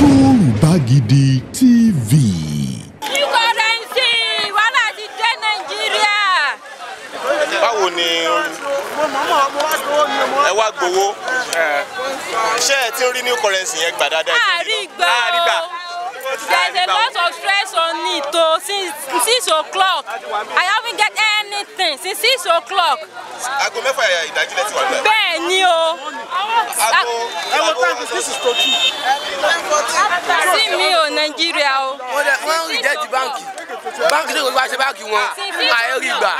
Yorùbá Gidi TV. ikọ̀ rẹ̀ǹsì wàhálà ti dé Nàìjíríà. báwo ni ẹ wá gbowó ṣé ẹ ti ń rí new currency yẹn gbà dáadáa. àárí gbọ́ there is a lot of stress on me to since six o'clock I haven't get air anything since six o'clock. aago mẹ́fà ìdájí lẹ́tí wà lọ. bẹ́ẹ̀ ni o. aago aago six to two. sí mi ò nàìjíríà o. wọ́n ń rìjẹ́tì báńkì báńkì ní kò gbà ṣe báńkì wọn àìrí gbà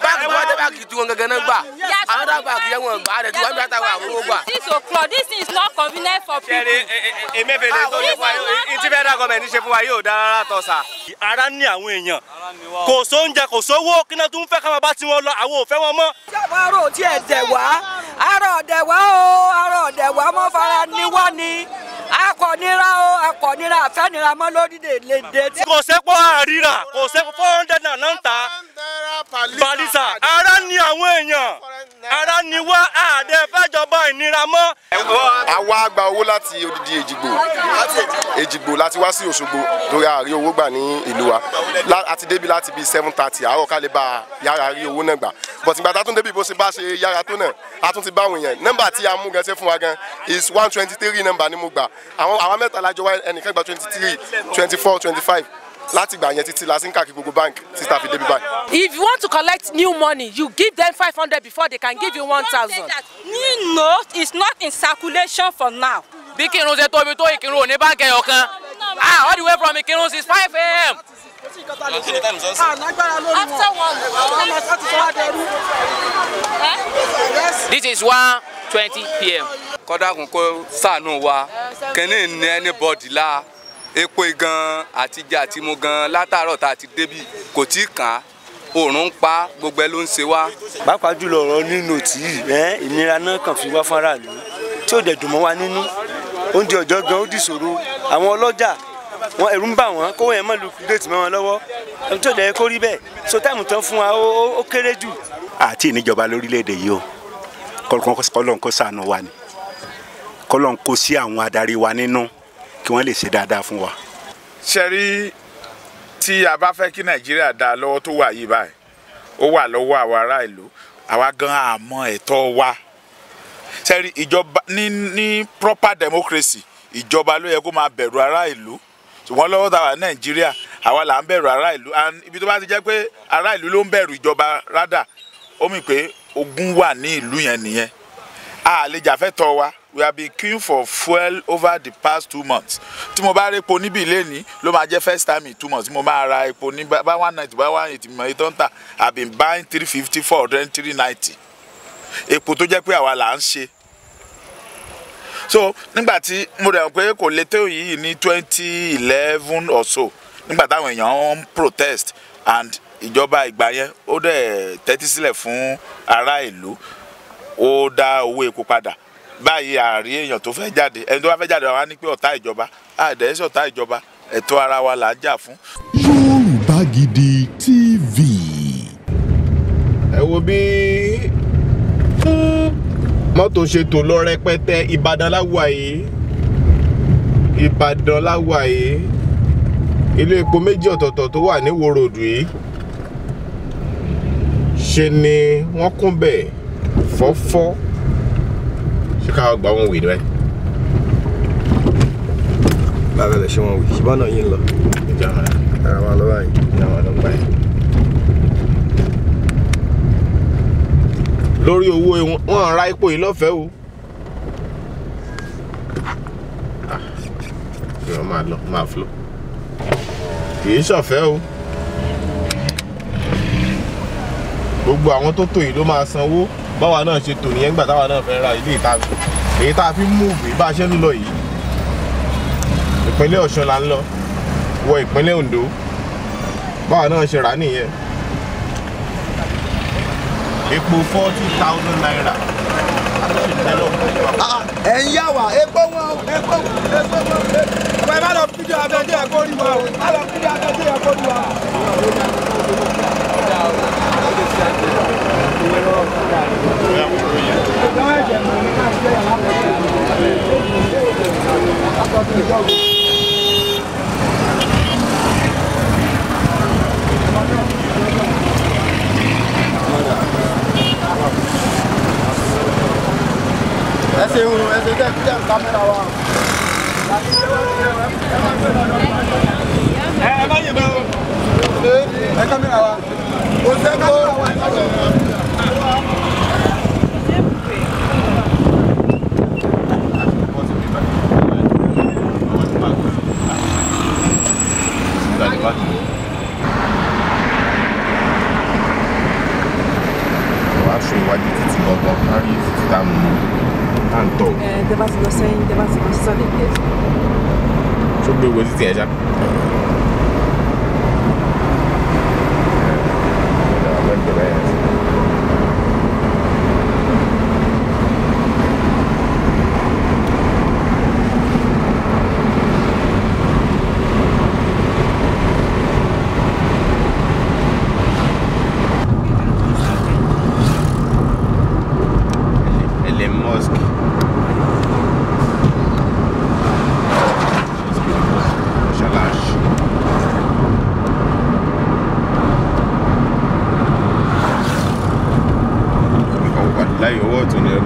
báàgì wọn tẹ báàgì tiwọn gangan náà gbà àwọn tó wọn gbà á rẹ tí wọn bí àtàwọn six o'clock this is not convenient for people. ṣẹ́ni emefele tó ṣe fún wa yóò ti fẹ́ dàgọ́ ní ṣe fún wa yóò dára tọ́ sa. ara ní àwọn èèyàn kò sóúnjẹ kò sówó kíná tó ń fẹ́ káwọn bá ti wọn lọ àwọn ò wọn mọ́. ṣàwọn ará òtí ẹ̀ dẹ̀ wá ará ọ̀dẹ̀ wá o ará ọ̀dẹ̀ wá mọ́ fara níwá ni akọ̀nira o akọ̀nira àfẹ́nira mọ́ lórílẹ̀‐èdè. kò sẹ́pọ̀ àríra kò sẹ́pọ̀ four hundred naira náà ń ta. pali àṣà ara ni àwọn èèyàn ara ni wá àdẹ fẹjọba ìnira mọ́. àwa gba owó láti odidi èjìgbò èjìgbò láti wá sí òṣogbo lórí àárí owó gbà ní ìlú wa àti débi láti bíi seven thirty àárọ̀ ká lè bá yára rí owó náà gbà but ìgbà tá a tún débi bó ṣe bá ṣe yára tó náà a tún ti bá àwọn èèyàn nọ́mbà tí a mú gan ṣe fún wa gan is one twenty three nọ́mbà ni mo gbà àwọn àwa mẹ́ta lájọ wa ẹnìkan gba twenty three twenty four twenty five láti ìgbà yẹn títí la sì gbogbo bank títí fi débi bank. if you want to collect new money you give them five hundred before they can give you one thousand. new note is not in circulation for now. bí kírun ṣe tóbi tó ìkírun ò báńkì ẹyọ kan ah all the way from ìkírun six five a.m. this is one twenty p.m. kọ́dà kún kó ṣàánú wa eh, kẹ́ni ní ẹni bọ́ọ̀dì la epo gan àtijẹ àtimu gan látàárọ̀ tá a ti débì kò tí ì kàn á òòrùn ń pa gbogbo ẹ ló ń ṣe wá. pàápàá jùlọ ọ̀rọ̀ nínú tí ìnira náà kàn fi wá fáráàlú tí ò dẹ̀ dùn mọ́ wa nínú oúnjẹ ọ̀jọ́ gan ó dìṣòro àwọn ọlọ́jà wọn ẹ̀rù ń bà wọ́n kówó yẹn mọ́ lu déètì mọ́ wọn lọ́wọ́ tí ò dẹ̀ kó rí bẹ́ẹ̀ so táìmù tán fún wa ó kéré jù. àti ìníjọba lórílẹ̀‐èdè yìí o kọ́lọ́n kó ṣàánú wa ni kọ́lọ́n kó sí àwọn adarí wa nínú kí wọ́n lè ṣe dáadáa fún wa. ṣẹ́rí tí a bá fẹ́ kí nàìjíríà dá lọ́wọ́ tó wà yìí báyìí ó wà lọ́wọ́ àwa ará ìlú àwa gan àmọ́ ẹ̀tọ́ wa ṣẹ́rí ìjọba ní ní proper democracy ìjọba ló yẹ kó máa bẹ̀rù ará ìlú ṣùgbọ́n lọ́wọ́ tàwa nàìjíríà àwa là ń bẹ̀rù ará ìlú ibi tó bá ti jẹ́ pé ará ìlú ló ń bẹ̀rù ìjọba rádà ó mì pé ogun wà ní ìlú yẹn nìyẹn a wa we have been queuing for fuel over the past two months tí mo bá rí epo níbi ìléni ló máa jẹ́ first time in two months tí mo máa ra epo ní bá one ninety bá one eighty mọ̀ ìtọ́ ń i have been buying three fifty four hundred three ninety epo tó jẹ́ pé àwa là ń ṣe so nígbà tí mo rẹ̀ pé kò lè tó yìí ní twenty eleven or so nígbà táwọn èèyàn ń protest and ìjọba ìgbà yẹn ó dẹ̀ tẹ́tí sílẹ̀ fún ará ìlú ó dá owó epo padà báyìí àárí èèyàn tó fẹ́ jáde ẹni tó bá fẹ́ jáde wá ní pé ọ̀tá ìjọba àdẹ́sẹ̀ ọ̀tá ìjọba ẹ̀tọ́ ara wa là ń jà fún. Yorùbá Gidi TV. ẹ wo bí hmm, mọ́tò ṣe tò lọ rẹpẹtẹ Ìbàdàn láwùwà Ìbàdàn láwùwà ilé epo méjì ọ̀tọ̀ọ̀tọ̀ tó wà ní wòròdù yìí ṣe ni wọ́n kún bẹ̀ fọ́fọ́ ṣíkà gba wọn wèrè rẹ. báwo lè ṣe wọn wì ṣùgbọ́n náà yín lọ. ìjà wọn ara wọn lọ́wọ́ yìí. ìjà wọn ló ń gbà yìí. lórí owó ra ipò yìí lọ́fẹ̀ẹ́ o. Ah, ìwọ máa lọ máa fò kì í ṣọ̀fẹ́ o gbogbo àwọn tó tò yìí ló máa sanwó báwa náà ṣe tò nìyẹn nígbà táwa náà fẹ́ ra ilé ìta èyí tá a fi múùbù bá a ṣe ń lọ yìí ìpínlẹ̀ Ọ̀ṣun la ń lọ wọ ìpínlẹ̀ Ondo báwa náà ṣe rà á nìyẹn epo forty thousand naira ẹ ń yá wa epo wọn epo epo wọn ọmọ ẹ má lọ fídíò abẹ́jẹ́ ẹ̀kọ́ rí wa o má lọ fídíò abẹ́jẹ́ ẹ̀kọ́ rí wa. ẹsẹ̀ ohun ẹsẹ̀ tẹ́ kí ẹ̀ ń kámẹ́rà wa. ẹ ẹ bá yẹ bẹ́ẹ̀ o. ẹ kámẹ́rà wa. Co e, byłeś zjedzia?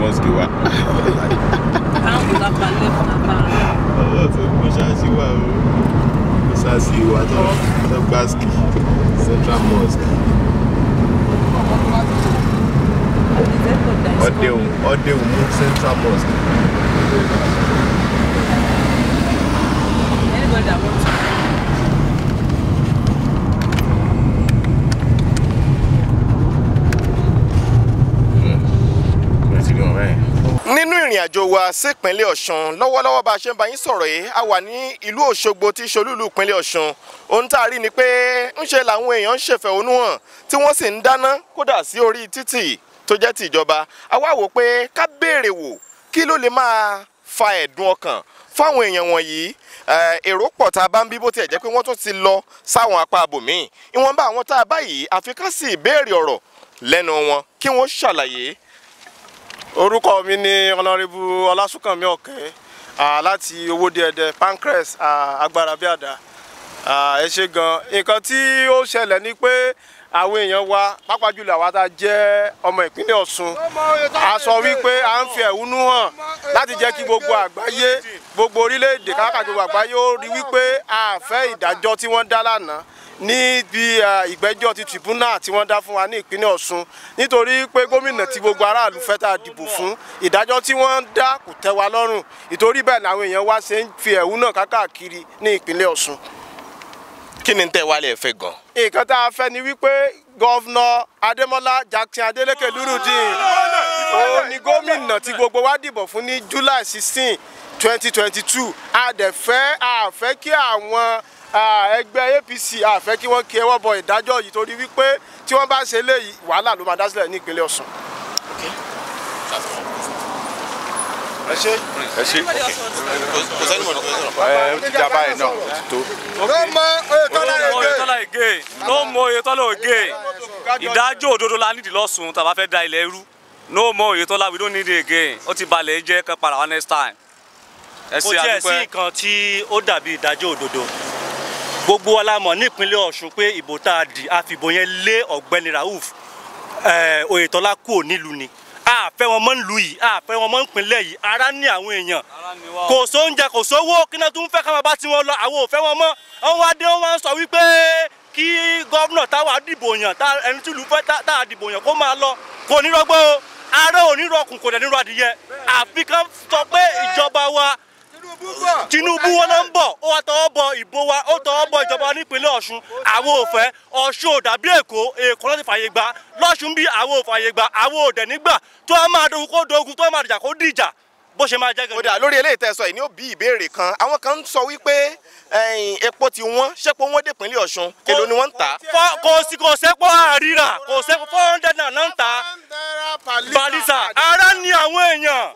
mosquewa mo ṣàṣìwà o mo ṣàṣìwà tó gba ski central mosque. ọdẹun ọdẹun mú central mosque. anybody that wants to. àjò wa sípínlẹ̀ ọ̀ṣun lọ́wọ́lọ́wọ́ bá a ṣe ń bá yín sọ̀rọ̀ yìí a wà ní ìlú òṣogbo tí ṣolúlù ìpínlẹ̀ ọ̀ṣun ohun tá a rí ni pé ń ṣe làwọn èèyàn ń ṣèfẹ̀hónú hàn tí wọ́n sì ń dáná kódà sí orí títì tó jẹ́ ti ìjọba a wá wò pé ká béèrè wò kí ló lè máa fa ẹ̀dùn ọkàn fáwọn èèyàn wọ̀nyí èrò pọ̀ tá a bá ń bí bó tiẹ̀ jẹ́ pé wọ́n tún ti orúkọ mi ni ọ̀nàrẹ́bù ọlásùnkànmí ọ̀kẹ́ láti owóde ẹ̀dẹ̀ pancras agbára bíàdá ẹ ṣe gan nǹkan tí ó ṣẹlẹ̀ ni pé àwọn èèyàn wa pàápàá jùlọ àwa tá a jẹ́ ọmọ ìpínlẹ̀ Ọ̀ṣun a sọ wípé a ń fi ẹ̀hónú hàn láti jẹ́ kí gbogbo àgbáyé gbogbo orílẹ̀-èdè káàkiri gbogbo àgbáyé ó rí wípé a fẹ́ ìdájọ́ tí wọ́n dá lánàá níbi ìgbẹ́jọ́ ti tribunal tí wọ́n dá fún wa ní ìpínlẹ̀ Ọ̀ṣun nítorí pé gómìnà tí gbogbo aráàlú fẹ́ tá a dìbò fún ìdájọ́ tí wọ́n dá kò tẹ́ wa lọ́rùn ìtorí bẹ́ẹ̀ làwọn èèyàn wa ṣe ń fi ẹ̀hónú hàn káàkiri ní ìpínlẹ̀ Ọ̀ṣun. kí ni tẹ́ wálé ẹ fẹ́ gan nǹkan tá a fẹ́ ni wípé gọ́vnà adémọ́lá jackson adélékè lúrùdín òun ni gómìnà tí gbogbo wa dìbò fún ní july sixteen twenty twenty two a dẹ̀ fẹ́ a fẹ́ kí àwọn ẹgbẹ́ apc a fẹ́ kí wọ́n kí ẹwọ́ bọ ìdájọ́ yìí torí wípé tí wọ́n bá ṣe eléyìí wàhálà ló máa dá sílẹ̀ ní ìpínlẹ̀ ọ̀ṣun ẹ ṣe ẹ ṣe kò sẹ́ni mọ̀ nípa ẹ ó ti jà báyìí náà ó ti tó. ló ìdájọ́ òdodo la nídìí lọ́sùn tàbá fẹ́ da ilẹ̀ rú ló mọ oyetola we don't need it again ó ti balẹ̀ jẹ́ kan para one next time. kò tiẹ̀ sí nǹkan tí ó dàbí ìdájọ́ òdodo gbogbo wa la mọ̀ pé ìbò tá a dì àfìbò yẹn lé ọ̀gbẹ́ni rauf eh, oyetola kúò nílùú ni a fẹ́ wọn mọ́ ń lu yìí a fẹ́ wọn mọ́ ń pinlẹ̀ yìí ara ní àwọn èèyàn kò sóúnjẹ kò sówó kíná tó ń fẹ́ káwọn bá ti wọn lọ àwọn ò fẹ́ wọn mọ́ wọn wá dé wọn wá ń sọ wípé kí gọ́vnà táwa dìbò yàn ẹni tí ìlú fẹ́ tá a dìbò yàn kó máa lọ kò ní rọgbọ́ o ara ò ní rọkùn kò dẹ̀ ní rọ adìyẹ àfi kán sọ pé ìjọba wa Tinubu wọn náà ń bọ̀ ó wá tọwọ́ bọ ìbò wa ó tọwọ́ bọ ìjọba nípínlẹ̀ Ọ̀ṣun àwọn òfẹ́ Ọ̀ṣun ò dàbí Èkó Èkó láti fàyè gbà lọ́ṣun bí àwọn òfàyè gbà àwọn òdẹ̀ nígbà tó a máa dogun kó dogun tó a máa dìjà kó dìjà bó ṣe máa jẹ́ gan. kódà lórí eléyìí tẹ́ sọ yìí ni ó bí ìbéèrè kan àwọn kan ń sọ wípé epo ti wọ́n ṣẹ́pọ̀ wọ́n dé ìpínlẹ̀ Ọ̀ṣun èlò ni wọ́n ń tà. kò sí kò sẹ́pọ̀ àríra kò sẹ́pọ̀ four hundred naira náà ń tà balisa ara ni àwọn èèyàn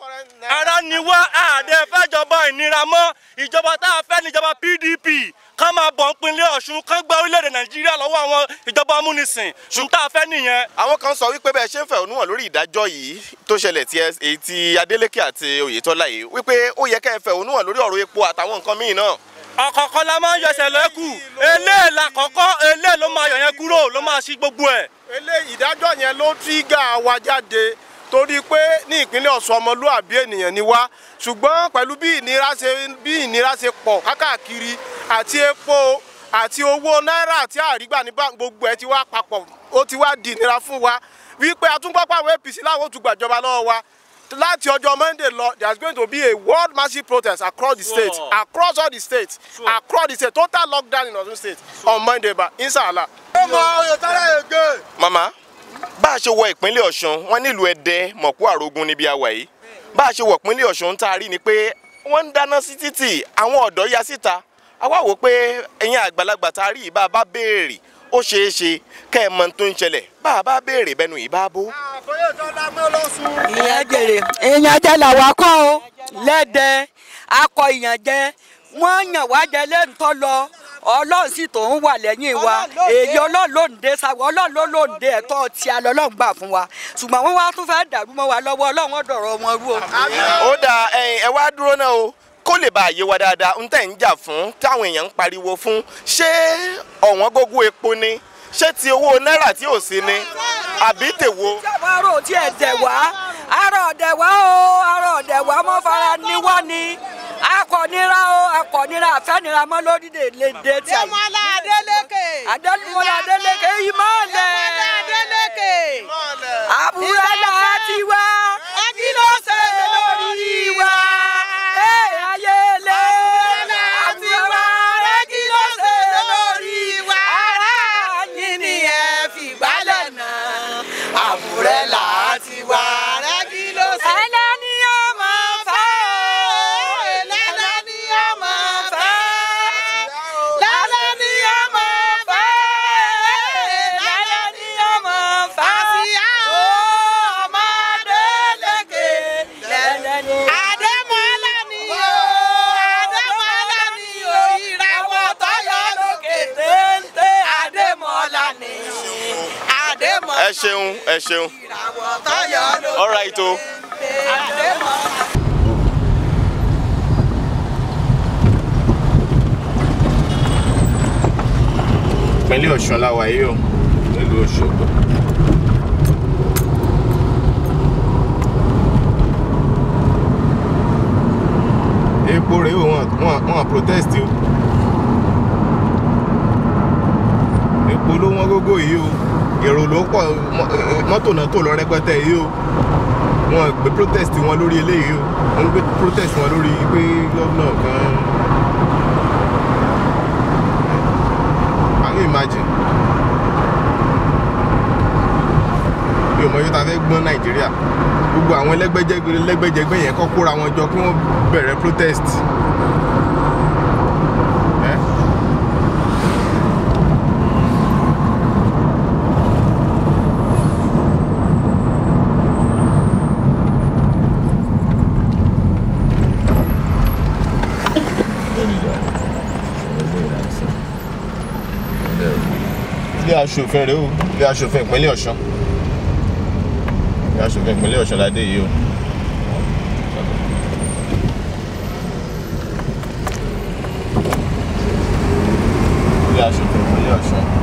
ara ni wá àdẹ́fẹ́jọba ìnira mọ́ ìjọba tá a fẹ́ níjọba PDP kán máa bọ̀ ń pinlẹ̀ ọ̀ṣun kán gba orílẹ̀-èdè nàìjíríà lọ́wọ́ àwọn ìjọba amúnisìn ṣùgbọ́n tá a fẹ́ nìyẹn. àwọn kan sọ wípé bẹ́ẹ̀ ṣe ń fẹ̀hónú hàn lórí ìdájọ́ yìí tó ṣẹlẹ̀ tí ti adeleke àti oyetola yìí wípé ó yẹ kẹ́ ẹ fẹ̀hónú hàn lórí ọ̀rọ̀ epo àtàwọn nǹkan míì náà ọ̀kọ̀ọ̀kan la máa ń yọsẹ̀ lẹ́kù eléyìí la torí pé ní ìpínlẹ̀ Ọ̀ṣun ọmọlúàbí ènìyàn ni wá ṣùgbọ́n pẹ̀lú bí ìnira ṣe bí ìnira ṣe pọ̀ kákàkiri àti epo àti owó náírà àti àrígbà ní gbogbo ẹ̀ ti wá papọ̀ ó ti wá di ìnira fún wa wípé atúngbọ́pọ̀ àwọn APC láwọn ò tún gbàjọba lọ́wọ́ wa láti ọjọ́ Monday lọ there is going to be a world massive protest across the state sure. across all the states sure. across the state total lockdown in Osun state sure. on Monday ba inshallah. ọmọ oyè tálẹ̀ gbé. mama bá a ṣe wọ ìpínlẹ̀ ọ̀ṣun wọ́n nílùú ẹdẹ mọ̀kú àrógún níbi àwà yìí bá a ṣe wọ ìpínlẹ̀ ọ̀ṣun tá a rí ni pé wọ́n ń dáná sí títì àwọn ọ̀dọ́ ya síta àwa wò pé ẹ̀yin àgbàlagbà tá a rí ìbá bá béèrè ó ṣeé ṣe kẹ́ ẹ mọ tó ń ṣẹlẹ̀ bá a bá béèrè bẹnu ìbá bó. ìyẹn jèrè ìyẹn jẹ́ làwọn akọ́ o lẹ́dẹ̀ẹ́ akọ ìyẹn jẹ́ wọ́n yàn wá jẹ lẹ́ńtọ́ lọ ọlọ́run sì tó ń wà lẹ́yìn wa èyí ọlọ́run ló ń dé sáwọ́ ọlọ́run ló ń dé ẹ̀tọ́ tí a lọ́lọ́run gbà fún wa ṣùgbọ́n wọ́n wá tún fẹ́ dàrú mọ́ wa lọ́wọ́ ọlọ́run ọ̀dọ̀rọ̀ wọn rú o. ó dà ẹ wá dúró náà o kó lè bá àyè wa dáadáa ń tẹ̀ ń jà fún táwọn èèyàn ń pariwo fún ṣé ọ̀wọ́n gógó epo ni ṣé ti owó náírà tí ò sí ni àbí tèwo. ìjọba ọ̀rọ̀ tí ẹ dẹ̀ wá arọ̀ ọ̀dẹ̀ wá o arọ̀ ọ̀dẹ̀ wá mọ́ fara ní wá ni a kò nira o kò nira àfẹnira mọ lórílẹ̀-èdè tí a yìí. Dẹ́mọ́lá Adélékè. Adémọ́lá Adélékè ìmọ̀lẹ̀. Dẹ́mọ́lá Adélékè. ìmọ̀lẹ̀. àbúrò ẹ̀ láti wá. ẹ ṣeun. all right o. pẹ̀lú ọ̀ṣun láwa yìí o nílùú Òṣogbo. epo rèé wọn wọn protest o epo ló wọ́n gógó yìí o èrò ló pọ̀ mọ́tò náà tó lọ rẹpẹtẹ yìí o wọn gbé protest wọn lórí eléyìí o wọn gbé protest wọn lórí pé gọ́vnà kan can you imagine mi ò mọ yóò ta fẹ́ gbọ́n Nàìjíríà gbogbo àwọn ẹlẹ́gbẹ́jẹgbẹ́ yẹn kọ́ kóra wọn jọ kí wọ́n bẹ̀rẹ̀ protest. aṣòfin rèé o ilé aṣòfin ìpínlẹ̀ Ọ̀ṣun ilé aṣòfin ìpínlẹ̀ Ọ̀ṣun ládé yìí o. ilé aṣòfin ìpínlẹ̀ Ọ̀ṣun.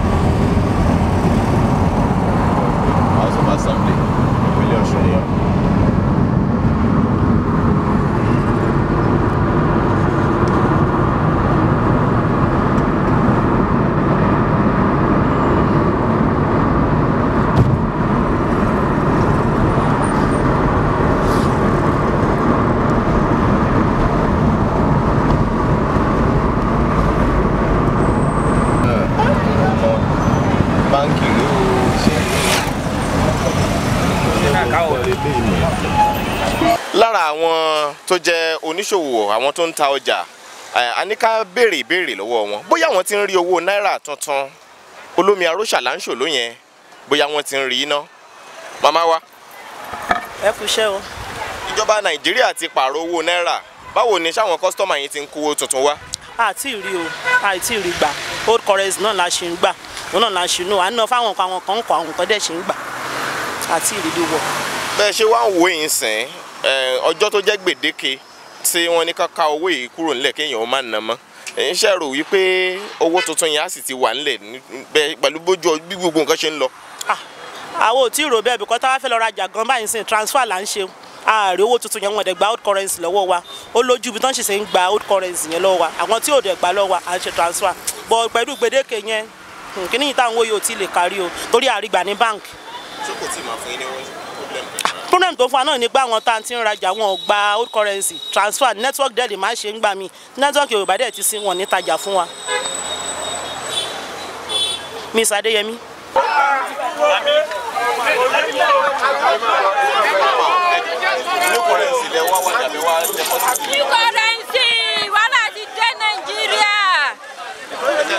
tó jẹ́ oníṣòwò àwọn tó ń ta ọjà a ní ká béèrè ìbéèrè lọ́wọ́ wọn bóyá wọ́n ti ń rí owó náírà tuntun olómi arósà là ń ṣòló yẹn bóyá wọ́n ti ń rí iná màmá wa. ẹ kú iṣẹ́ o. ìjọba nàìjíríà ti pààrọ̀ owó náírà báwo ni sáwọn kọ́sítọ́mà yín ti ń kówó tuntun wá. àti ìrí o àti ìrí gbà old currency náà la ṣe ń gbà òun náà la ṣe ń nù à ń ná fáwọn nǹkan àwọn kan ń kọ àwọn nǹkan dẹ̀ ṣe ń gbà àti ìrìlè wọ̀. bẹ́ẹ̀ ṣe wá ń wo yìí sìn ọjọ́ tó jẹ́ gbèdéke tí wọ́n ní ká ká owó yìí kúrò nílẹ̀ kéèyàn ó má nà mọ́ èyí ṣe rò wípé owó tuntun yẹn á sì ti wà nílẹ̀ pẹ̀lú bójú bí gbogbo nǹkan ṣe ń lọ. àwọn ò tí ì rò bẹ́ẹ̀ bíkọ́ táwa fẹ́ lọ rajà gan báyìí sìn transfer là ń ṣe ààrẹ owó tuntun yẹn wọn dẹ̀ gba old currency lọ́wọ́ wa ó lójú ibi tán ṣì ṣe ń gba old currency yẹn lọ́wọ́ wa àwọn tí ò dẹ̀ gbà lọ́wọ́ wa à ń ṣe transfer bọ̀ pẹ̀lú gbèdéke yẹn hmm, kí níyìí táwọn owó yóò ti lè kárí o torí àrígbà ní báńkì problem pẹ̀lú. problem tó fún wa náà ni pé àwọn tá à ń ti ń rajà wọn gba old currency transfer network dẹ́ẹ̀lì máa ṣe ń gbà mí network yorùbá dẹ̀ ti sin wọn ní tajà fún wa. miss adeyemi. new currency lẹ wá jẹ́ new currency wàhálà ti dé nàìjíríà.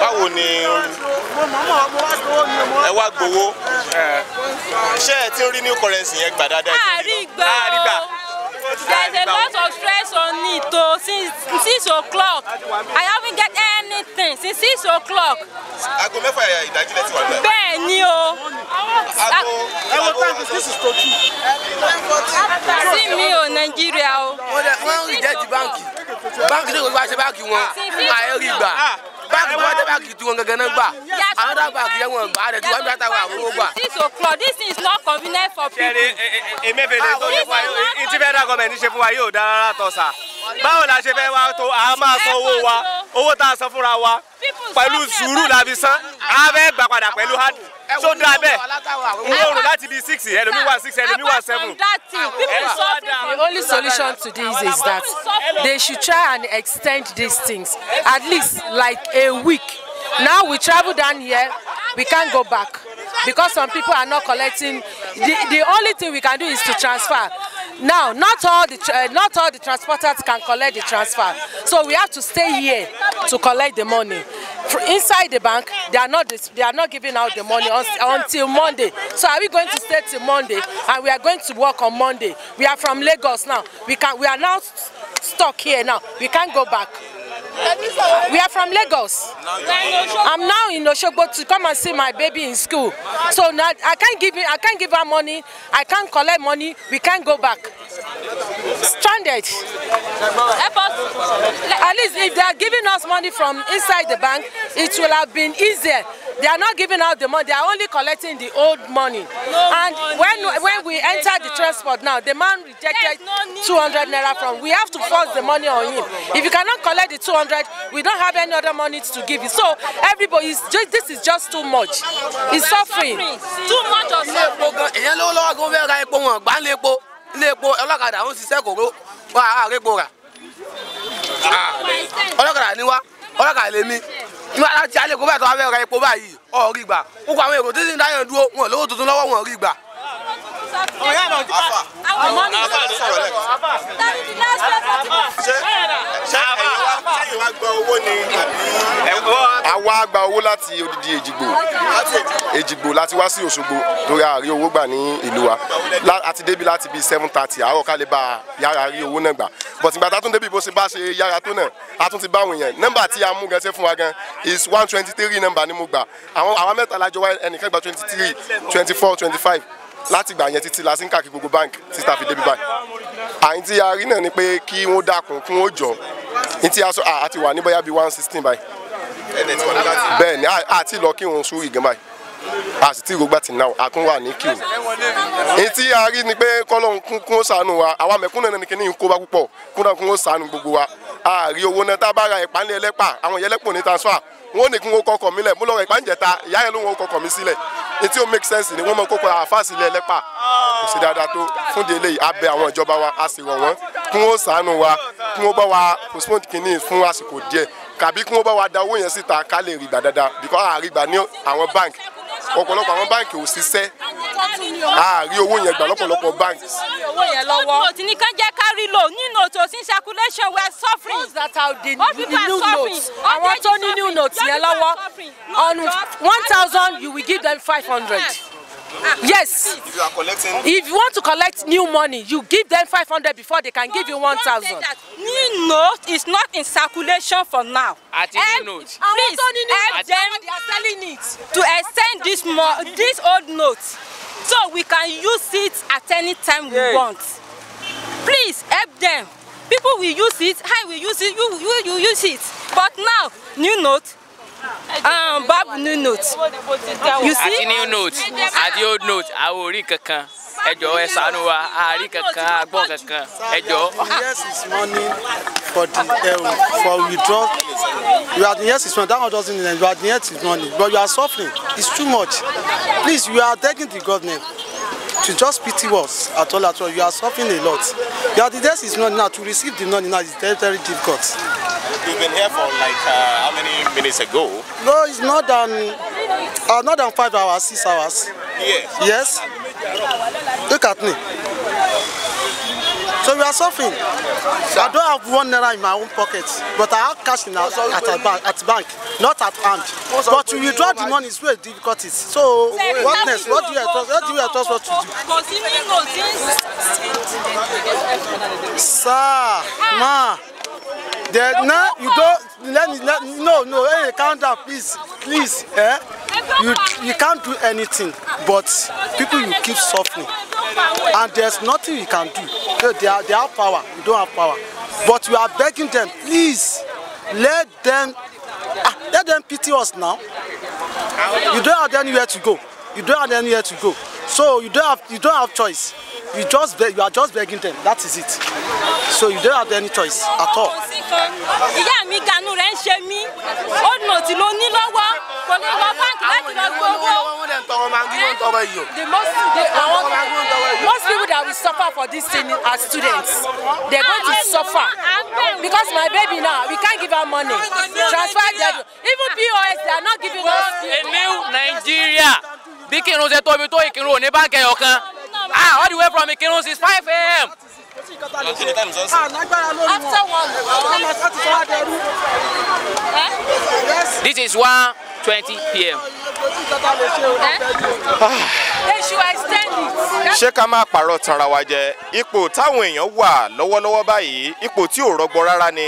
báwo ni. mo mọ̀ mọ́ ẹ wá gbowó ṣé ẹ ti ń rí new currency yẹn gbà dáadáa. àárí gbà ó there is a lot of stress on me to since six o'clock I haven't get anything since six o'clock. aago mẹ́fà ìdájí lẹ́tí wà lẹ́yìn. bẹ́ẹ̀ ni o. aago aago this is to two. sí mi ò nàìjíríà o. wọ́n ń rí dẹ́ẹ̀tì báńkì báńkì ní kò bá ṣe báńkì wọn àìrí gbà this is not convenient for people. báwo la ṣe fẹ́ wá tó a máa san owó wa owó tá a san fúnra wa pẹ̀lú sùúrù la fi san a fẹ́ gbà padà pẹ̀lú hard ṣó dáa bẹ́ẹ̀ oorun láti bíi six ẹlòmíì wà six ẹlòmíì wà seven. the only solution to this is that they should try and extend these things at least like a week now we travel down here we can't go back because some people are not collecting the the only thing we can do is to transfer now not all the uh, not all the transporters can collect the transfer so we have to stay here to collect the money For inside the bank they are not they are not giving out the money until monday so are we going to stay till monday and we are going to work on monday we are from lagos now we can we are now stuck here now we can't go back We are from Lagos. I'm now in Oshogbo to come and see my baby in school. So now I can't give I can't give her money. I can't collect money. We can't go back stranded. Help us. At least if they are giving us money from inside the bank, it will have been easier. They are not giving out the money. They are only collecting the old money. No and money, when when we enter the transport now, the man rejected no 200 naira from. We have to force the money on him. If you cannot collect the 200, we don't have any other money to give you. So everybody is just this is just too much. He's suffering. suffering. Too much of suffering. lepo ọlọ́kadà ń ṣiṣẹ́ kòkó wà á répo rà ọlọ́kadà ni wá ọlọ́kadà lè mi nígbà láti alẹ́ kó bá tó wá fẹ́ ra epo báyìí ọ̀ rí gbà ó kọ àwọn èrò títí ẹ̀yin wá gba owó ni àbí. àwa gba owó láti odidi èjìgbò èjìgbò láti wá sí òṣogbo lórí àárí owó gbà ní ìlú wa àti débi láti bíi seven thirty àárọ̀ ká lè bá yára rí owó náà gbà but ìgbà tá a tún débi bó ṣe bá ṣe yára tó náà a tún ti bá àwọn èèyàn nọ́mbà tí a mú gan ṣe fún wa gan is one twenty three nọ́mbà ni mo gbà àwọn àwa mẹ́ta lájọ wá ẹnìkan gba twenty three twenty four twenty five láti gbà yẹn títí la sí ń káàkiri gbogbo bank títí tá a fi débi báyìí àyíntí a rí náà ni pé kí wọ́n dákun kí wọ́n jọ ntí aṣọ àti wà ní bóyá bíi one sixteen báyìí bẹ́ẹ̀ ni àti lọ kí òun sùúrù gan báyìí a sì ti rògbà tì náà a wà ní kíw ntí a rí ni pé kọ́lọ́n kún kún ó ṣàánú wa àwa mẹ̀kúnnà ni kí ni kó bá púpọ̀ kúnnà kún ó ṣàánú gbogbo wa àárí owó náà tá a bá ra ẹ̀pá ní ẹlẹ́pà àwọn ìyẹn lẹ́pọ̀ ní transfer wọn ò ní kí wọn kọkọ̀ mi lẹ̀ mo lọ ra ẹ̀pá ń jẹta ìyá yẹn ló wọn kọkọ̀ mi sílẹ̀ etí ó make sense ni wọ́n mọ kókó àfáàsì ilẹ̀ ẹlẹ́pà kò sí dáadáa tó fún délé abẹ àwọn ìjọba wa a sì rọ̀ wọ́n kí wọ́n ṣàánú wa kí wọ́n bá wa postpone kínní fún àsìkò díẹ̀ kàbí kí wọ́n bá wa da owó yẹn síta ká lè rí gbà dáadáa because àárí gbà ní àwọn bank ọ̀pọ̀lọpọ̀ àwọn báǹkì ò ṣiṣẹ́ àárí owó yẹn gbà lọ́pọ̀lọpọ̀ báǹkì. owó yẹn lọ́wọ́. owó tí ní ká jẹ́ ká rí lò nínú òtò sí circulation we are suffering. those that are the, new notes àwọn tó ní new notes yẹn lọ́wọ́ on one thousand you will give them five hundred. Ah. Yes. If you are collecting. If you want to collect new money, you give them five hundred before they can no, give you one thousand. New note is not in circulation for now. At new note. Please, help them. They are selling it. To this this old note so we can use it at any time yes. we want please help them people will use it i will use it you you you use it but now new note um, bob new note you see. àti new note the old note àwọn orí kankan ẹ ẹ ṣàánú wa àárí kankan àgbọ̀n kankan ẹ yes it's money for the um, for withdrawal you are the yes It's money that one doesn't mean you are the yes It's money but you are suffering it's too much please you are taking the government to just pity us at all at all you are suffering a lot you are the yes It's money now to receive the money now is very very difficult. you've been here for like uh, how many minutes ago. no it's not than uh, not than five hours six hours. yes. yes. Look at me. So we are suffering. I don't have one naira in my own pocket, but I have cash in a, at a bank, at bank, not at hand. But to withdraw the money is very difficult So what next? What do you trust? What do you trust what to do? Sir, ma. There, No, you don't. Let me. Let, no, no. Hey, calm down, please, please. Eh? You you can't do anything, but people you keep suffering and there's nothing you can do they, they, are, they have power you don't have power but we are begging them please let them ah, let them pity us now you don't have anywhere to go you don't have anywhere to go so you don't have you don't have choice you just beg you are just begging them that is it so you don't have any choice at all. ìyá mi ganu rẹ̀ ń ṣe mí ó nà tí ló ní lọ́wọ́ kò ní lọ báńkì láti lọ gbowó. the most the àwọn most people that will suffer for this thing are students They're going to suffer because my baby now we can't give her money transfer them even POS they are not giving us. a new Nigeria bí kírun ṣe tóbi tó ìkírun ò ní báńkì ẹ̀yọ̀ kan ah all the way from Ikirun since five a.m. Eh? this is one twenty p.m. Eh? ṣé ká má parọ́ tanra wa jẹ ipò táwọn èèyàn wà lọ́wọ́lọ́wọ́ báyìí ipò tí ò rọgbọ rárá ni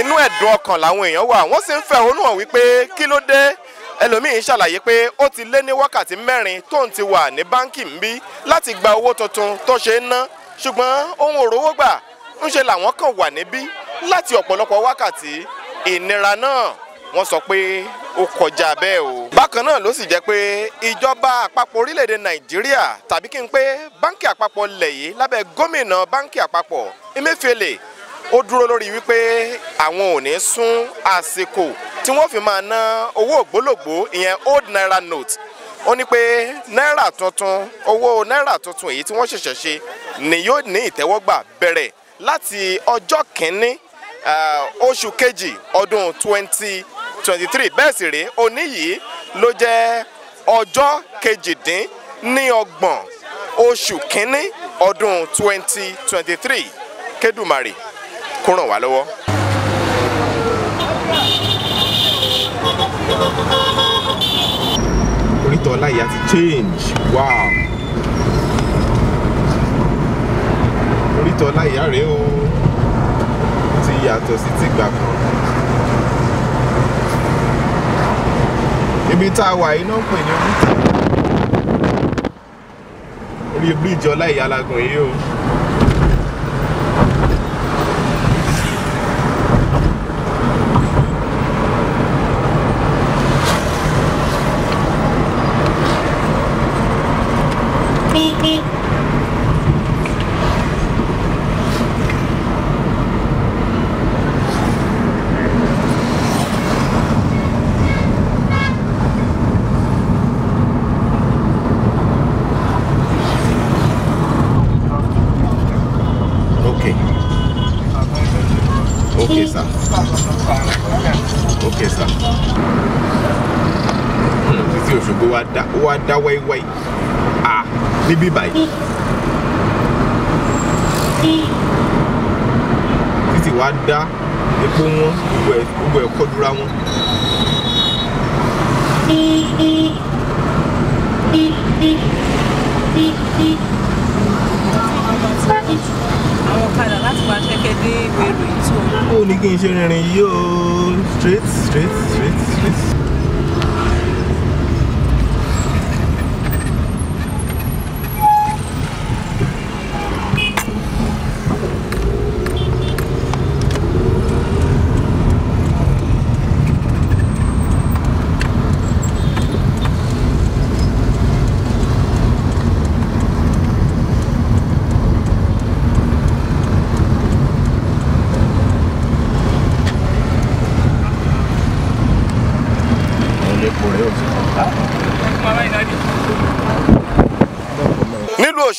inú ẹ̀dùn ọkàn làwọn èèyàn wà wọ́n sì ń fẹ̀hónú hàn wípé kí ló dé ẹlòmíín ṣàlàyé pé ó ti lé ní wákàtí mẹ́rin tóun ti wà ní báńkì ńbí láti gba owó tuntun tó ṣe é ná ṣùgbọ́n ohun òrówó gbà ń ṣe làwọn kan wà níbí láti ọ̀pọ̀lọpọ̀ wákàtí ìnira náà wọ́n sọ pé ó kọjá bẹ́ẹ̀ o. bákan náà ló sì jẹ́ pé ìjọba àpapọ̀ orílẹ̀-èdè nàìjíríà tàbí kí n pé báńkì àpapọ̀ lẹ̀ lábẹ́ gómìnà báńkì àpapọ̀ Emefiele ó dúró lórí wípé àwọn ò ní sún àsìkò tí wọ́n fi máa ná owó ògbólógbòó ìyẹn old naira note ó ní pé náírà tuntun owó náírà tuntun èyí tí wọ́n ṣẹ̀ṣẹ̀ ṣe ni yóò ní ìtẹ́wọ́gbà bẹ̀rẹ̀ láti ọjọ́ kìíní eh, oṣù kejì ọdún 2023 bẹ́ẹ̀ sì rèé òní yìí ló jẹ́ ọjọ́ kejìdín ní ọgbọ̀n oṣù kìíní ọdún 2023 kédùmarè kó ràn wá lọ́wọ́. oríta ọláyà ti change wow oríta ọláyà rèé o ti yàtọ̀ sí tìgbà kan. ibi tá a wà iná pè ní oríta orí bíríìjì ọláyà alágùn yìí o. Wait. weight.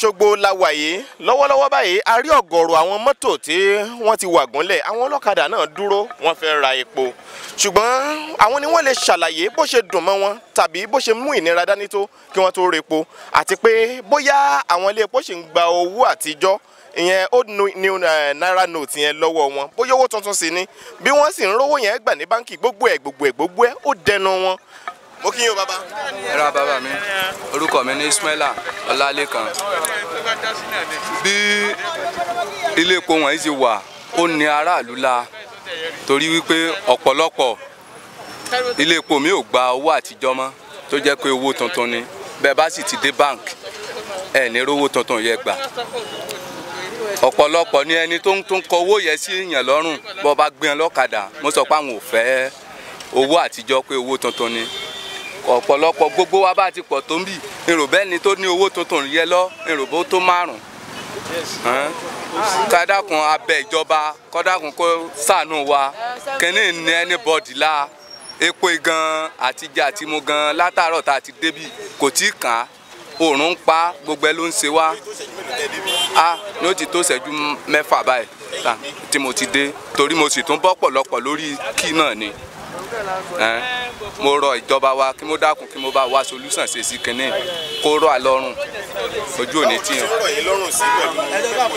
Òṣogbo la wà yìí lọ́wọ́lọ́wọ́ báyìí a rí ọ̀gọ̀rọ̀ àwọn mọ́tò tí wọ́n ti wà gúnlẹ̀ àwọn ọlọ́kadà náà dúró wọ́n fẹ́ ra epo ṣùgbọ́n àwọn ni wọ́n lè ṣàlàyé bó ṣe dùn mọ́ wọn tàbí bó ṣe mú ìnira dání tó kí wọ́n tó ra epo àti pé bóyá àwọn ilé epo ṣì ń gba owó àtijọ́ ìyẹn old new eh, naira note yẹn lọ́wọ́ wọn bóyá owó tuntun sì ni bí wọ́n sì ń rówó yẹn gbà ní báńkì gbogbo ẹ̀ gbogbo ẹ̀ gbogbo ẹ̀ ó dẹnu wọn mo kí yín o bàbá. ẹ ra bàbá mi orúkọ mi ní Ismaila Ọlálékan bí ilé epo wọ̀nyí ti wà ó ní aráàlú la torí wípé ọ̀pọ̀lọpọ̀ ilé epo mi ò gba owó àtijọ́ mọ́ tó jẹ́ pé owó tuntun ni bẹ́ẹ̀ bá sì ti dé bank ẹ̀ ní rówó tuntun yẹn gbà ọ̀pọ̀lọpọ̀ ni ẹni tó ń tó ń kọ owó yẹn sí èèyàn lọ́rùn bó bá gbé ẹ mo sọ pé àwọn ò fẹ́ owó àtijọ́ pé owó tuntun ni ọ̀pọ̀lọpọ̀ gbogbo wa bá ti pọ̀ tó ń bì èrò bẹ́ẹ̀ ni tó ní owó tuntun yẹ lọ èrò bó tó márùn kádàkùn abẹ ìjọba kádàkùn kó ṣàánú wa kíní ní anybody la epo gan àti jẹ àti mu gan látàárọ̀ tá a ti débì kò tí ì kàn á òòrùn ń pa gbogbo ẹ ló ń ṣe wá a ní ó ti tó ṣẹ́jú mẹ́fà báyìí tí mo ti dé torí mo sì tún bọ́ pọ̀lọpọ̀ lórí kí náà ni mo rọ ìjọba wa kí mo dákun kí mo bá wa solution ṣe sí kinní kó rọ àlọ́run ojú òní tì yàn.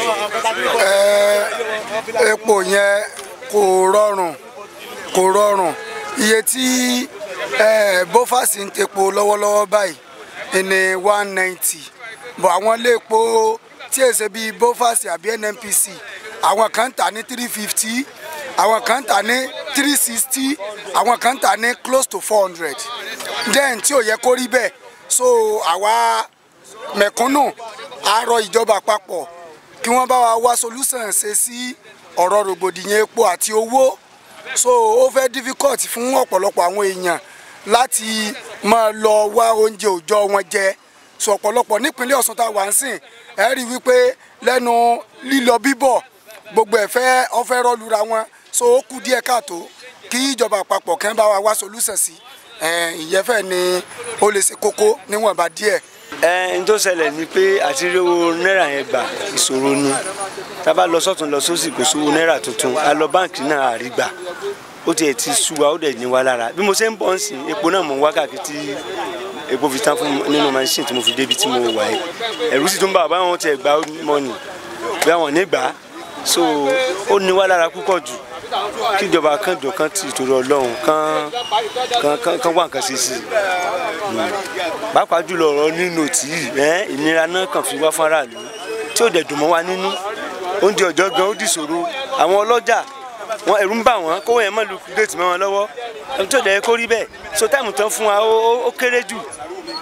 epo yẹn kò rọrùn kò rọrùn iye tí bófàsì ń tepo lọ́wọ́lọ́wọ́ báyìí ní one ninety bọ̀ àwọn ilé epo tí èsè bíi bófàsì àbí nnpc àwọn kan ń tà ní three fifty àwọn kan tà ní three sixty àwọn kan tà ní close to four hundred then tí ò yẹ kó rí bẹ́ẹ̀ so àwa mẹ̀kúnnù a rọ ìjọba àpapọ̀ kí wọ́n bá wa wá solution ṣe sí ọ̀rọ̀ rògbòdìyàn epo àti owó so ó fẹ́ difficult fún ọ̀pọ̀lọpọ̀ àwọn èèyàn láti máa lọ wá oúnjẹ òòjọ́ wọn jẹ so ọ̀pọ̀lọpọ̀ nípínlẹ̀ Ọ̀ṣun tá a wà ń sìn ẹ́ rí wípé lẹ́nu lílọ bíbọ̀ gbogbo ẹ̀fẹ́ ọ̀fẹ́ rọ́lura wọn so ó kù díẹ̀ káàtó kí ìjọba àpapọ̀ kẹ́ ń bá wa wá solúsẹ̀ sí ìyẹn fẹ́ ni ó lè ṣe kókó níwọ̀nba díẹ̀. ẹ n tó ṣẹlẹ̀ ni pé àti rówó náírà yẹn gbà ìṣòro ni tá a bá lọ sọ́tún lọ sósì kò sówó náírà tuntun a lọ báǹkì náà àrígbà ó tiẹ̀ ti sú wa ó dẹ̀ ní wa lára bí mo ṣe ń bọ̀ ń sìn epo náà mò wá káàkiri tí epo fi tán fún nínú machine tí mo fi débi tí mo wà yìí ẹ̀rú sì tún bá àbáwọn tiẹ̀ gbà mọ́ni bí àwọn ní gbà so ó ní wa lára púpọ̀ jù kíjọba kan jọ kan ti ìtòrò ọlọ́run kan kan kan wá nǹkan ṣe sí i pàápàá jùlọ ọ̀rọ̀ nínú tí ìnira náà kàn fi wá fúnra lù tí ò dẹ̀ dùn mọ́ wa nínú oúnjẹ ọ̀jọ̀ gan ó dìṣòro àwọn ọlọ́jà ẹ̀rù ń bà wọ́n kówó yẹn mọ́ lu déètì mọ́ wọn lọ́wọ́ tó dẹ̀ kó rí bẹ́ẹ̀ so táìmù tán fún wa ó kéré jù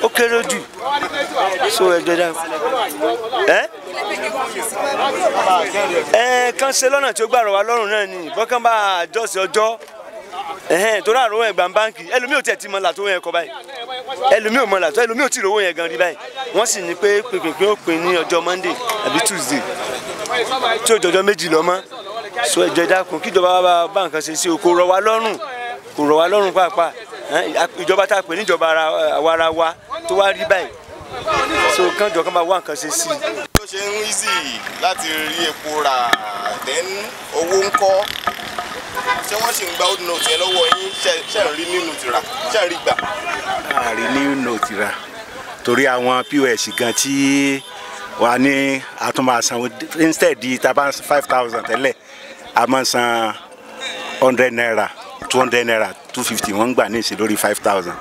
ó kéré jù so ẹ jọjá ẹ ẹ kàn ṣe lọ́nà tí ó gbà rọ̀ wá lọ́rùn náà ni bọ́kàn bá àjọṣe ọjọ́ ẹhẹn torí àrò wọn ẹgbàá báńkì ẹlòmíì ò tiẹ̀ ti mọ làtó wọn yẹn kọ báyìí ẹlòmíì ò mọ làtó ẹlòmíì ò tí rówó yẹn gan rí báyìí wọ́n sì ní pé pínpín ó pin ní ọjọ́ monday àbí tuesday tí ó jọjọ́ méjì lọ́mọ́ so ẹ̀jọ̀ ẹ̀dá kun kíjọba bá nǹkan ṣe sí oko rọ̀ wá lọ́rùn kò rọ̀ wá lọ́rùn pàápàá ìjọba tá a pè níjọba ara wa tó wá rí báyìí so kánjọ kan bá wá nǹkan ṣe sí i. ló ṣe ń easy láti rí epo rà then owó ń kọ́ ṣé wọ́n sì ń gba old note yẹn lọ́wọ́ yín ṣe ń rí new note rà ṣe ń rí gbà. a rí new note rà torí àwọn pos gan tí wà ní àtúmọ̀sánwó instead tá a bá san five thousand tẹ́lẹ̀ a máa san hundred naira two hundred naira two fifty wọ́n ń gbà ní ìsìn five thousand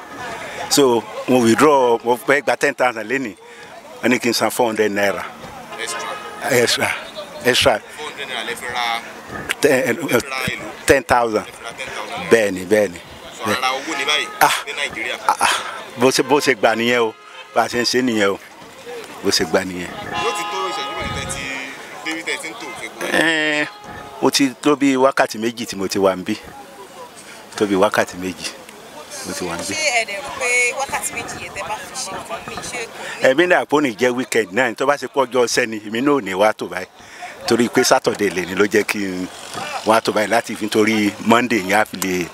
so mo withdraw mo fẹ́ gba ten thousand lẹ́nìí wọ́n ní kí n san four hundred naira extra extra eh, eh, ten thousand bẹ́ẹ̀ ni bẹ́ẹ̀ ah. ni ah, ah. bó ṣe bó ṣe gbà nìyẹn o bá a ṣe ń ṣe nìyẹn o bó ṣe gbà nìyẹn. yóò ti tó ìṣẹ́jú eh, mo ti tó bí wákàtí méjì tí mo ti wà ń bí tóbi wákàtí méjì mo ti wà níbí. ṣé ẹ dẹ̀ rò pé ẹ̀mí náà àpò jẹ́ weekend náà tó bá ṣe pọ́jọ́ ọ̀sẹ̀ ni èmi náà ò ní wá tó báyìí torí pé sátọ̀dẹ̀ lè ní ló jẹ́ kí n wá tó báyìí láti fi torí monday yẹn á fi lè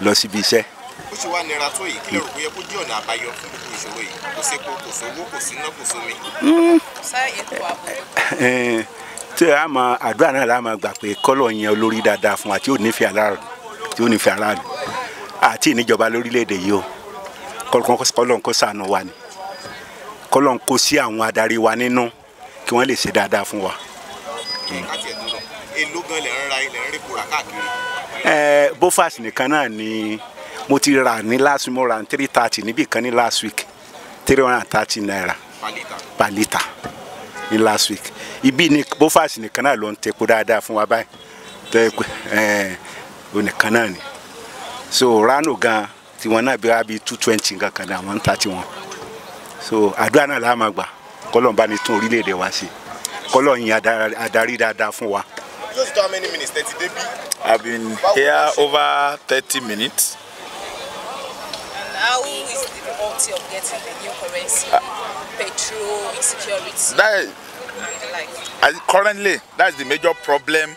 lọ síbi iṣẹ́. ó ṣe wá nira tó yìí kí lè rò kó jẹ́ ọ̀nà àbáyọ fún gbogbo ìṣòro yìí kò sépo kò sówó kò síná kò sómi. Hmm. Eh, tí a máa àdúrà náà la máa gbà pé kọ́lọ̀ yẹn olórí dáadáa fún wa tí ò nífẹ̀ẹ́ aláàrùn tí ó nífẹ̀ẹ́ aráàlú àti ìníjọba lórílẹ̀‐èdè yìí o kọ́lọ́n kó ṣàánú wa ni kọ́lọ́n kó sí àwọn adarí wa nínú kí wọ́n lè ṣe dáadáa fún wa. Hmm. èló gan lẹ̀ bofas nìkan náà ni mo ti rà ní last week mo rà ní three thirty níbì kan ní last week three hundred and thirty naira per litre ní last week ibi ni bofas nìkan náà ló ń tepo dáadáa fún wa báyìí onìkan ni so rano gan tiwọn náà bí wàá bí two twenty nǹkan kan náà wọn ń ta tiwọn so àdúrà náà làá máa gbà kọ́lọ̀ ń bá ní tún orílẹ̀-èdè wa ṣe kọ́lọ̀ yín adarí dáadáa fún wa. close to how many minutes thirty dey be. i been here over thirty minutes. and how is the difficulty of getting the new currency uh, petrol insecurity. that is like. currently that's the major problem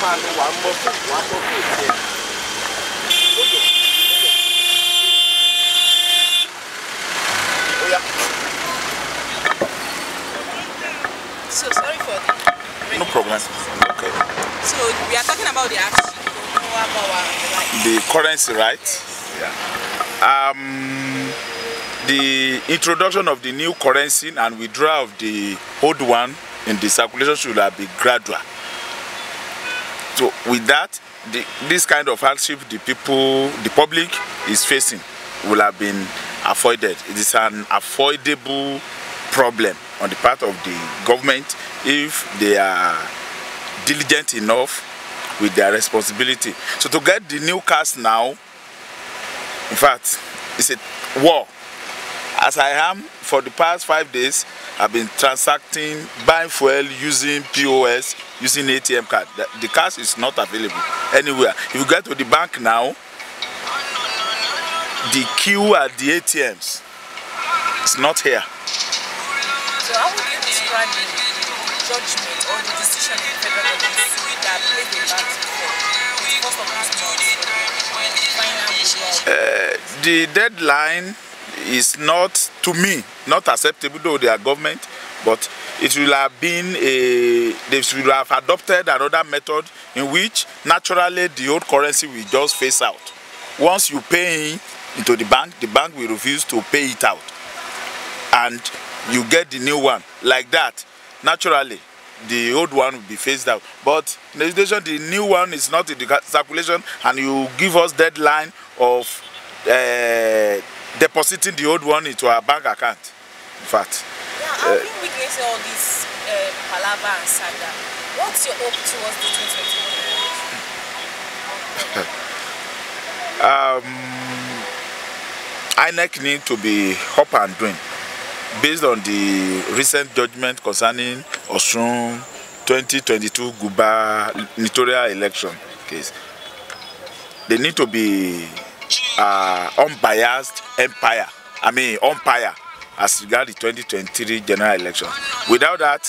máa lo wà á mọ fún No problem. Okay. So we are talking about the action. The currency, right? Yeah. Um, the introduction of the new currency and withdrawal of the old one in the circulation should be gradual. So with that, the, this kind of hardship the people, the public is facing will have been avoided. It is an avoidable problem on the part of the government if they are diligent enough with their responsibility. So to get the new cars now, in fact, it's a war As I am, for the past five days, I've been transacting, buying fuel using POS, using ATM card. The, the cash is not available anywhere. If you get to the bank now, the queue at the ATMs is not here. So how would you describe the judgment or the decision in the federal that played the bank before? Uh, the deadline is not to me not acceptable though they are government but it will have been a they will have adopted another method in which naturally the old currency will just face out once you pay in into the bank the bank will refuse to pay it out and you get the new one like that naturally the old one will be phased out but in legislation the new one is not in the circulation and you give us deadline of uh, depositing the old one into our bank account. In fact. Yeah, I've uh, been witnessing all this uh, palava and saga. What's your hope towards the 2021 election? um, INEC need to be up and doing based on the recent judgment concerning Osun 2022 Guba Nitoria election case. They need to be uh, unbiased empire. I mean, umpire as regard the 2023 general election. Without that,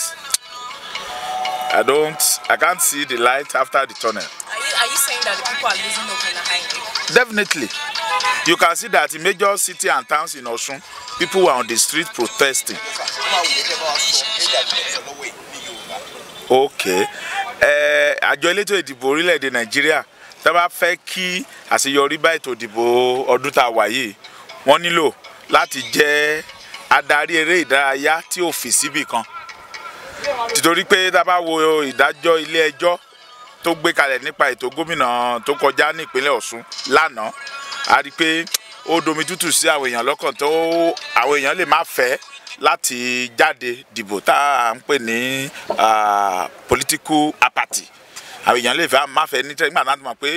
I don't, I can't see the light after the tunnel. Are you, are you saying that the people are losing hope in Ahai? Definitely. You can see that in major cities and towns in Osun, people were on the street protesting. Okay. Eh, Àjọ elétò ìdìbò orílẹ̀-èdè Nàìjíríà tẹ́ bá fẹ́ kí àṣeyọrí bá ètò ìdìbò ọdún tá a wà yìí wọ́n nílò láti jẹ́ adarí eré ìdárayá tí ò fi síbì kan títorí pé tá a bá wo ìdájọ́ ilé ẹjọ́ tó gbé kalẹ̀ nípa ètò gómìnà tó kọjá ní ìpínlẹ̀ lánàá a rí i pé ó domi tútù sí àwọn èèyàn lọ́kàn tó àwọn èèyàn lè má fẹ́ láti jáde dìbò tá à ń pè ní political apathy àwọn èèyàn lè fẹ́ máfẹ́ ní tẹ́lẹ̀ nígbà náà tó mọ̀ pé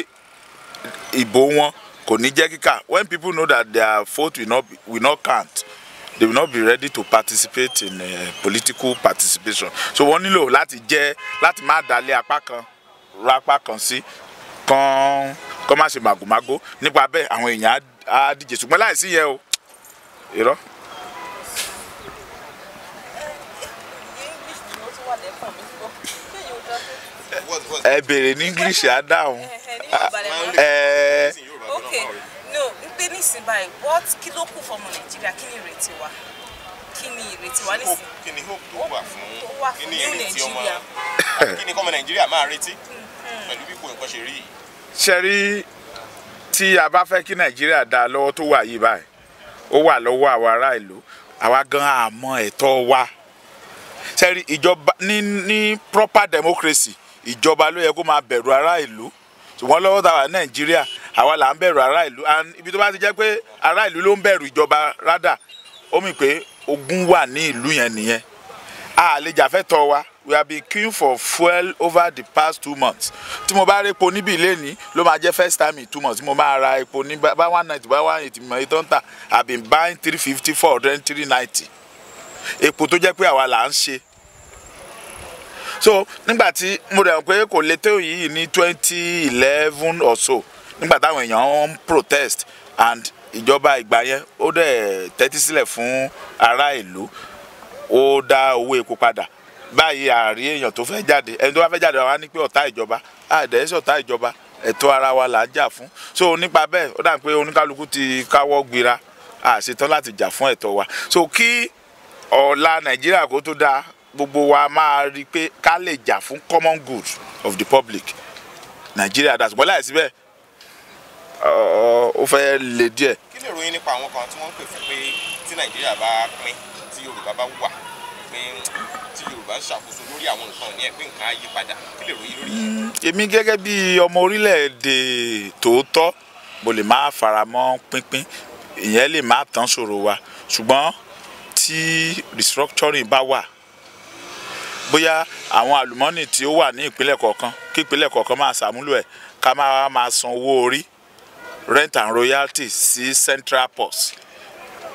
ìbò wọn kò ní jẹ́ kíkà when people know that their vote will not, will not count they will not be ready to participate in uh, political participation so wọ́n nílò láti jẹ́ láti má dalẹ̀ apá kan ra apá kan sí kán kán má ṣe màgòmágó nípa bẹ́ẹ̀ àwọn èèyàn á díje ṣùgbọ́n láìsí yẹn o irọ́. ẹ bèrè ní english á dáhùn. ok no n pé nísìnyí báyìí what kilo ku kù fọmọ nàìjíríà kí ni wa Kini ni wa nísìnyí. kí hope tó wà fún kí ni ìrètí ọmọ Kini ni Nigeria. nàìjíríà máa retí mm-hmm. pẹ̀lú bípò nǹkan ṣe rí yìí. ṣe rí tí a bá fẹ́ kí nàìjíríà dá lọ́wọ́ tó wà yìí báyìí ó wà lọ́wọ́ àwọn ará ìlú àwa gan àmọ́ ẹ̀tọ́ wa ṣe rí ìjọba ní ní proper democracy ìjọba ló yẹ kó máa bẹ̀rù ará ìlú ṣùgbọ́n lọ́wọ́ tá wà nàìjíríà àwa là ń bẹ̀rù ará ìlú ibi tó bá ti jẹ́ pé ará ìlú ló ń bẹ̀rù ìjọba rádà ó mì pé ogun wà ní ìlú yẹn nìyẹn a lè jàfẹ́ tọ́ wa we have been queuing for fuel over the past two months tí mo bá rí epo níbi ilé ló máa jẹ́ first time in two months mo máa ra epo ní bá one ninety bá one eighty Mo ètò ń i been buying three fifty four hundred three ninety epo tó jẹ́ pé àwa là ń ṣe so nígbà tí mo rẹ̀ pé kò lè tó yìí ní twenty eleven or so nígbà táwọn èèyàn ń protest and ìjọba ìgbà yẹn ó dẹ̀ tẹ́tí sílẹ̀ fún ará ìlú ó dá owó epo padà báyìí àárí èèyàn tó fẹ́ jáde ẹni tó bá fẹ́ jáde wá ní pé ọ̀tá ìjọba àdẹ́sẹ̀ ọ̀tá ìjọba ẹ̀tọ́ ara wa là ń jà fún so nípa bẹ́ẹ̀ ó dà pé oníkálukú ti káwọ́ gbéra àṣetán láti jà fún ẹ̀tọ́ wa so kí ọ̀la nàìjíríà kó tó dáa gbogbo wa máa rí i pé ká lè jà fún common good of the public Nigeria dà ṣùgbọ́n láìsí bẹ́ẹ̀ ó fẹ́ le díẹ̀. kí lè ròyìn nípa àwọn kan tí wọ́n ń pè fún pé tí nàìjíríà bá pín tí yorùbá bá wà pé tí yorùbá ṣàkóso lórí àwọn nǹkan ní ẹ nǹkan á kí lè ròyìn lórí èmi gẹ́gẹ́ bí ọmọ orílẹ̀-èdè tòótọ́ mo lè má faramọ́ pínpín ìyẹn lè má tán ṣòro wa ṣùgbọ́n tí restructuring bá wà bóyá àwọn àlùmọ́nì tí ó wà ní ìpínlẹ̀ kọ̀ọ̀kan kí ìpínlẹ̀ kọ̀ọ̀kan máa ṣàmúlò ẹ̀ ká máa máa san owó orí rent and royalty sí central port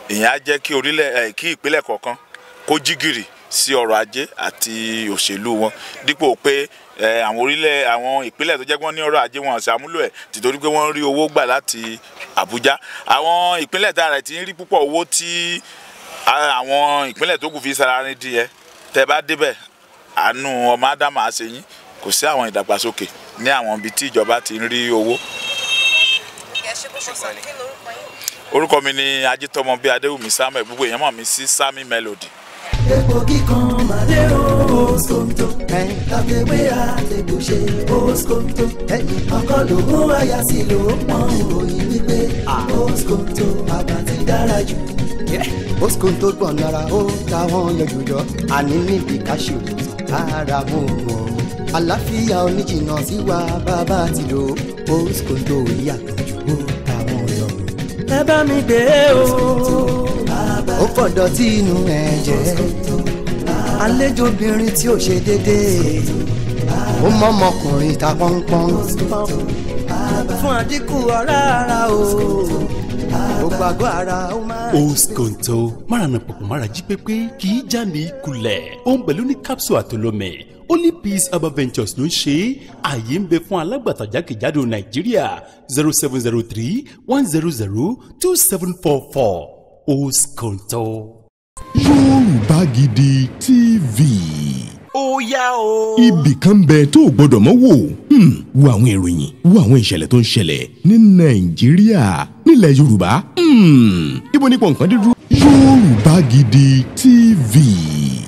ìyẹn á jẹ́ kí orílẹ̀ ẹ̀ kí ìpínlẹ̀ kọ̀ọ̀kan kó jí gìrì sí ọrọ̀ ajé àti òṣèlú wọn dípò pé àwọn orílẹ̀ àwọn ìpínlẹ̀ tó jẹ́ pé wọ́n ní ọrọ̀ ajé wọn ṣàmúlò ẹ̀ tìtorí pé wọ́n rí owó gbà láti Àbújá àwọn ìpínlẹ̀ tá a ti ń rí púpọ̀ owó tí àwọn ìpínlẹ̀ tó kù fi sara ní díẹ̀ tẹ́ bá débẹ̀ àánú ọmọ ádámà á ṣe yín kò sí àwọn ìdàgbàsókè ní àwọn ibi tí ìjọba ti ń rí owó. orúkọ mi ni ajitomo bíi adéwùmí samuel gbogbo èèyàn mọ̀ mí sí sami melody. epo kíkan màdé o oskomto tàbíwé àtẹ̀gbò ṣe oskomto ọkọ lòún àyà sí lòún pọn ìròyìn wípé oskomto bàbá ti dára jù. oskomto gbọ̀n nara ó táwọn yọjú jọ àní níbi káṣíò ara mú wọn. àlàáfíà oníjìnà sí wa bàbá ti lò ó kòtò ìyá ju àwọn lọ. ẹ bá mi gbé o. ó fọ̀dọ̀ tí inú ẹ̀ jẹ́. àlejò obìnrin tí ò ṣe déédéé. ó mọ́ ọmọkùnrin ta pọ́npọ́n. fún àdínkù ọ̀rá ara o oskonto maranapọ̀pọ̀ mara jí pépé kì í já ní kulẹ̀ ó ń pẹ̀lú ní capsule àtolómẹ̀ only peace herbal ventures ló ń ṣe ààyè ń bẹ fún alágbàtà jákèjádò nàìjíríà zero seven zero three one zero zero two seven four four oskonto. Yorùbá Gidi TV ó yá o. ibì kan bẹ tó o gbọdọ̀ mọ́ wò hmm, wo àwọn ìròyìn wo àwọn ìṣẹ̀lẹ̀ tó ń ṣẹlẹ̀ ní nàìjíríà nílẹ̀ yorùbá hmm, ibo nípò nǹkan dídúró. yorùbá gidi tv